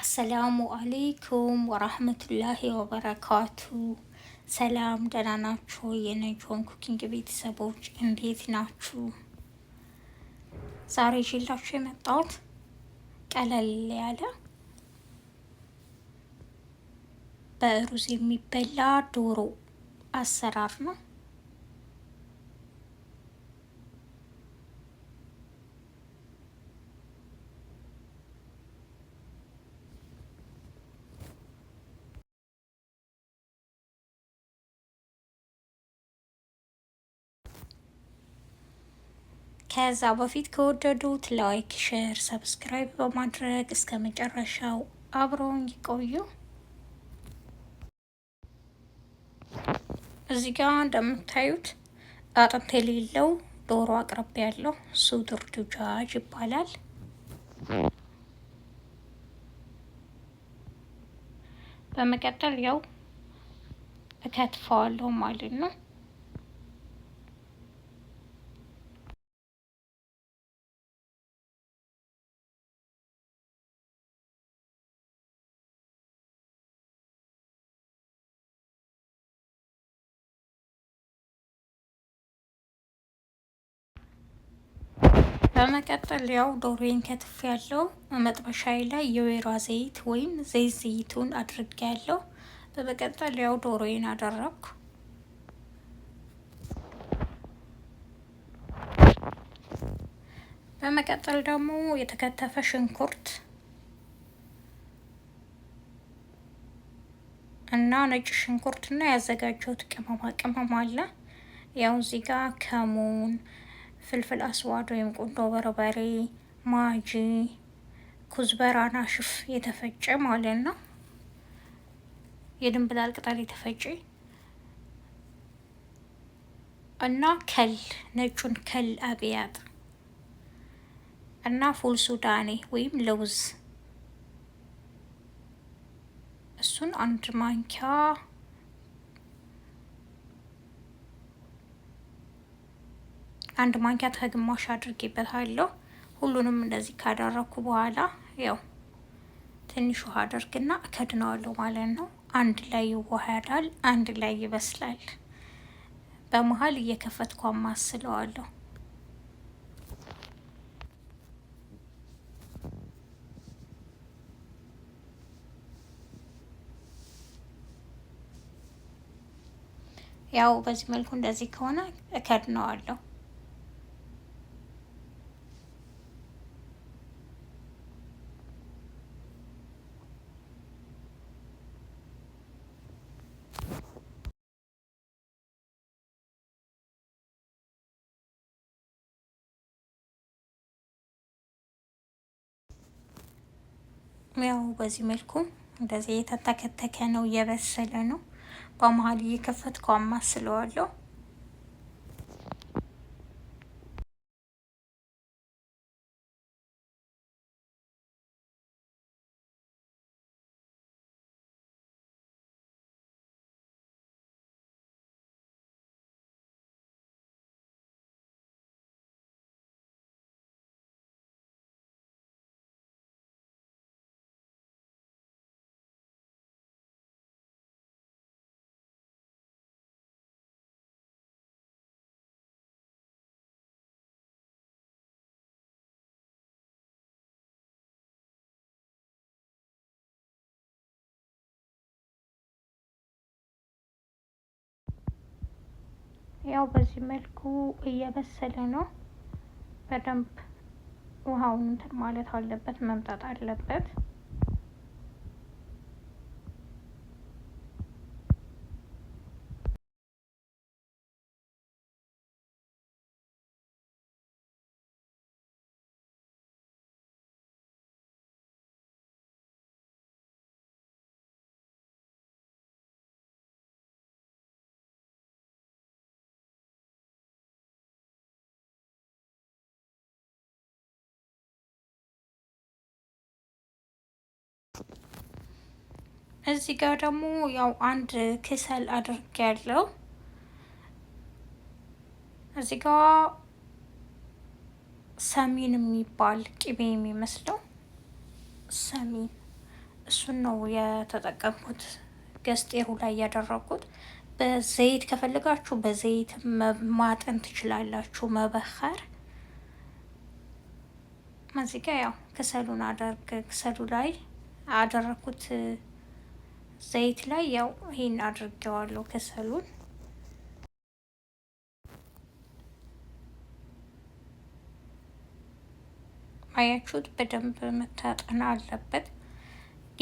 አሰላሙ አሌይኩም ወራህመቱላሂ ወበረካቱ። ሰላም ደህና ናችሁ? የነጆን ኩኪንግ ቤተሰቦች እንዴት ናችሁ? ዛሬ ይዤላችሁ የመጣሁት ቀለል ያለ በሩዝ የሚበላ ዶሮ አሰራር ነው። ከዛ በፊት ከወደዱት ላይክ፣ ሼር፣ ሰብስክራይብ በማድረግ እስከ መጨረሻው አብረውን ይቆዩ። እዚህ ጋር እንደምታዩት አጥንት የሌለው ዶሮ አቅርቤ ያለው ሱድር ዱጃጅ ይባላል። በመቀጠል ያው እከትፈዋለሁ ማለት ነው። በመቀጠል ያው ዶሮዬን ከትፍ ያለው መጥበሻዬ ላይ የወይራ ዘይት ወይም ዘይት ዘይቱን አድርጌ ያለው። በመቀጠል ያው ዶሮዬን አደረኩ። በመቀጠል ደግሞ የተከተፈ ሽንኩርት እና ነጭ ሽንኩርት እና ያዘጋጀሁት ቅመማ ቅመም አለ። ያው እዚህ ጋር ከሙን ፍልፍል አስዋድ ወይም ቁንዶ በርበሬ፣ ማጂ፣ ኩዝበራና ሽፍ የተፈጨ ማለት ነው። የድንብላል ቅጠል የተፈጨ እና ከል ነጩን ከል አብያጥ እና ፉል ሱዳኔ ወይም ለውዝ እሱን አንድ ማንኪያ አንድ ማንኪያ ከግማሽ አድርጌበታለሁ። ሁሉንም እንደዚህ ካደረኩ በኋላ ያው ትንሽ ውሃ አደርግና እከድነዋለሁ ማለት ነው። አንድ ላይ ይዋሃዳል፣ አንድ ላይ ይበስላል። በመሀል እየከፈትኩ አማስለዋለሁ። ያው በዚህ መልኩ እንደዚህ ከሆነ እከድነዋለሁ። ያው በዚህ መልኩ እንደዚህ የተተከተከ ነው፣ እየበሰለ ነው። በመሀል እየከፈትኩ አማስለዋለሁ። ያው በዚህ መልኩ እየበሰለ ነው። በደንብ ውሃውን ማለት አለበት መምጣት አለበት። እዚህ ጋር ደግሞ ያው አንድ ክሰል አድርግ ያለው እዚህ ጋር ሰሚን የሚባል ቅቤ የሚመስለው ሰሚን እሱን ነው የተጠቀምኩት። ገስጤሩ ላይ ያደረኩት። በዘይት ከፈልጋችሁ በዘይት ማጠን ትችላላችሁ፣ መበኸር እዚህ ጋ ያው ክሰሉን አደርግ ክሰሉ ላይ አደረኩት። ዘይት ላይ ያው ይሄን አድርጌዋለሁ ከሰሉን አያችሁት በደንብ መታጠን አለበት።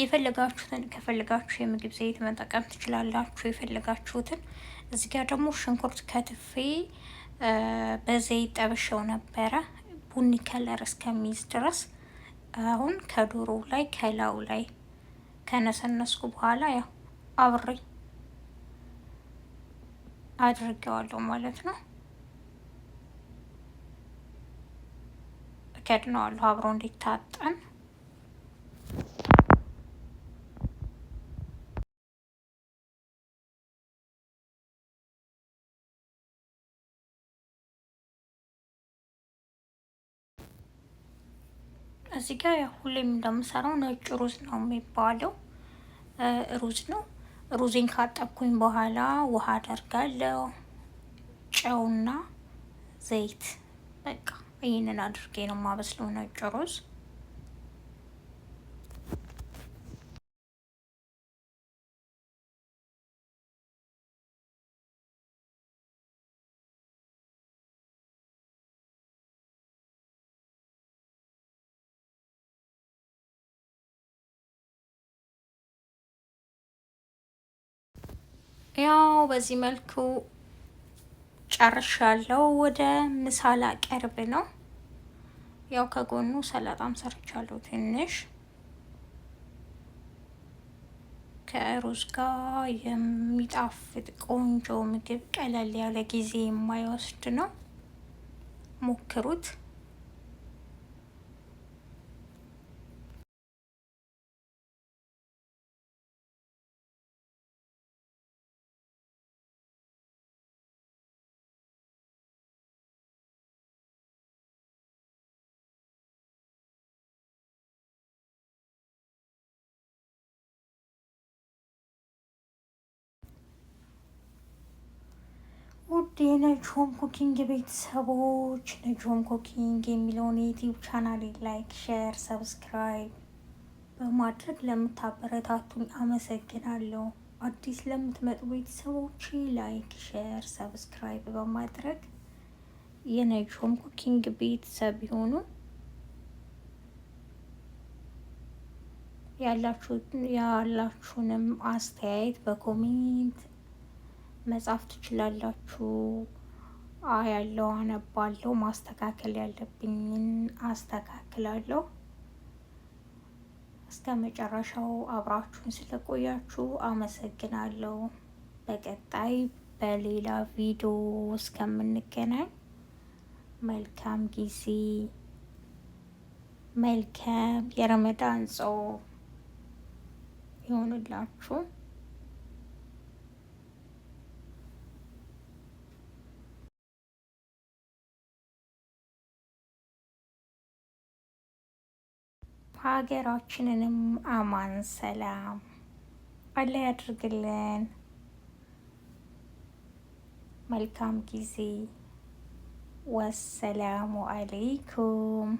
የፈለጋችሁትን ከፈለጋችሁ የምግብ ዘይት መጠቀም ትችላላችሁ፣ የፈለጋችሁትን። እዚህ ጋር ደግሞ ሽንኩርት ከትፌ በዘይት ጠብሸው ነበረ ቡኒ ከለር እስከሚይዝ ድረስ። አሁን ከዶሮ ላይ ከላው ላይ ከነሰነስኩ በኋላ ያው አብሬ አድርጌዋለሁ ማለት ነው። እከድነዋለሁ አብሮ እንዲታጠን እዚህ ጋር ሁሌም እንደምሰራው ነጭ ሩዝ ነው የሚባለው። ሩዝ ነው። ሩዜን ካጠብኩኝ በኋላ ውሃ አደርጋለሁ፣ ጨውና ዘይት። በቃ ይህንን አድርጌ ነው የማበስለው ነጭ ሩዝ። ያው በዚህ መልኩ ጨርሻለሁ። ወደ ምሳ ላቀርብ ነው። ያው ከጎኑ ሰላጣም ሰርቻለሁ ትንሽ ከሩዝ ጋር የሚጣፍጥ ቆንጆ ምግብ ቀለል ያለ ጊዜ የማይወስድ ነው። ሞክሩት። ውድ የነጆም ኩኪንግ ቤተሰቦች ነጆም ኩኪንግ የሚለውን የዩቲዩብ ቻናል ላይክ፣ ሼር፣ ሰብስክራይብ በማድረግ ለምታበረታቱኝ አመሰግናለሁ። አዲስ ለምትመጡ ቤተሰቦች ላይክ፣ ሼር፣ ሰብስክራይብ በማድረግ የነጆም ኩኪንግ ቤተሰብ ቢሆኑ ያላችሁንም አስተያየት በኮሜንት መጻፍ ትችላላችሁ ያለው አነባለው፣ ማስተካከል ያለብኝን አስተካክላለሁ። እስከ መጨረሻው አብራችሁን ስለቆያችሁ አመሰግናለሁ። በቀጣይ በሌላ ቪዲዮ እስከምንገናኝ መልካም ጊዜ፣ መልካም የረመዳን ጾም ይሆንላችሁ። ሀገራችንንም አማን ሰላም አለ ያድርግልን። መልካም ጊዜ። ወሰላሙ አለይኩም